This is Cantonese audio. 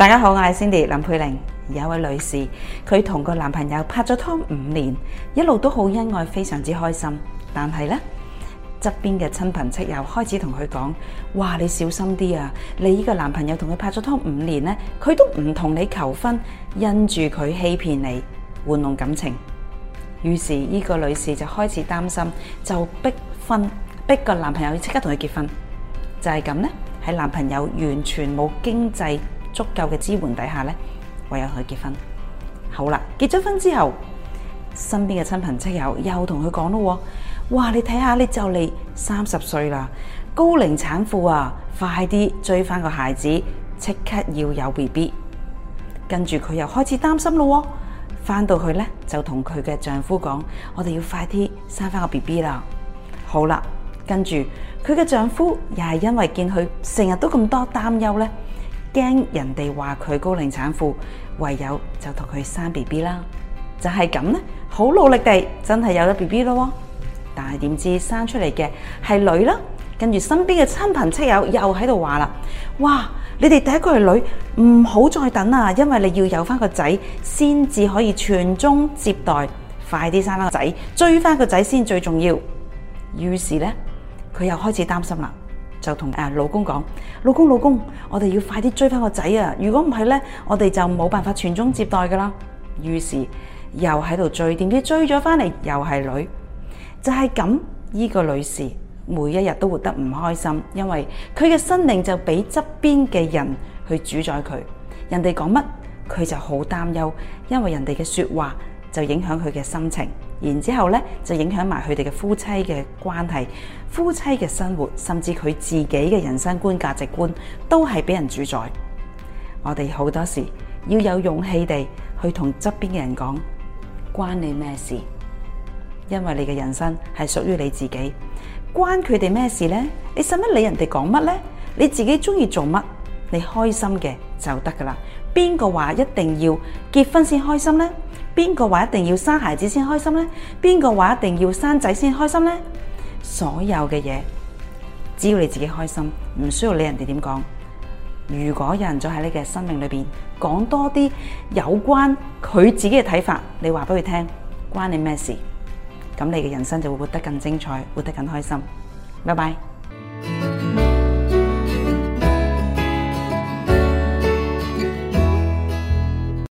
大家好，我係 Cindy 林佩玲。有一位女士，佢同個男朋友拍咗拖五年，一路都好恩愛，非常之開心。但係呢側邊嘅親朋戚友開始同佢講：哇，你小心啲啊！你呢個男朋友同佢拍咗拖五年呢，佢都唔同你求婚，因住佢欺騙你，玩弄感情。於是呢個女士就開始擔心，就逼婚，逼個男朋友即刻同佢結婚。就係咁呢，喺男朋友完全冇經濟。足夠嘅支援底下咧，唯有同佢結婚。好啦，結咗婚之後，身邊嘅親朋戚友又同佢講咯：，哇，你睇下，你就嚟三十歲啦，高齡產婦啊，快啲追翻個孩子，即刻要有 B B。跟住佢又開始擔心咯，翻到去咧，就同佢嘅丈夫講：，我哋要快啲生翻個 B B 啦。好啦，跟住佢嘅丈夫又係因為見佢成日都咁多擔憂咧。驚人哋話佢高齡產婦，唯有就同佢生 BB 啦，就係咁咧，好努力地，真係有咗 BB 咯，但係點知生出嚟嘅係女啦，跟住身邊嘅親朋戚友又喺度話啦，哇，你哋第一個係女，唔好再等啦，因為你要有翻個仔先至可以傳宗接代，快啲生啦個仔，追翻個仔先最重要，於是咧佢又開始擔心啦。就同老公講，老公老公，老公，我哋要快啲追翻個仔啊！如果唔係呢，我哋就冇辦法傳宗接代噶啦。於是又喺度追，點知追咗翻嚟又係女，就係、是、咁。呢、這個女士每一日都活得唔開心，因為佢嘅生命就俾側邊嘅人去主宰佢，人哋講乜佢就好擔憂，因為人哋嘅說話。就影響佢嘅心情，然之後咧，就影響埋佢哋嘅夫妻嘅關係、夫妻嘅生活，甚至佢自己嘅人生觀、價值觀都係俾人主宰。我哋好多時要有勇氣地去同側邊嘅人講，關你咩事？因為你嘅人生係屬於你自己，關佢哋咩事呢？你使乜理人哋講乜呢？你自己中意做乜？你開心嘅就得㗎喇，邊個話一定要結婚先開心呢？邊個話一定要生孩子先開心呢？邊個話一定要生仔先開，開心呢？所有嘅嘢，只要你自己開心，唔需要理人哋點講。如果有人在喺你嘅生命裏邊講多啲有關佢自己嘅睇法，你話俾佢聽，關你咩事？咁你嘅人生就會活得更精彩，活得更開心。拜拜。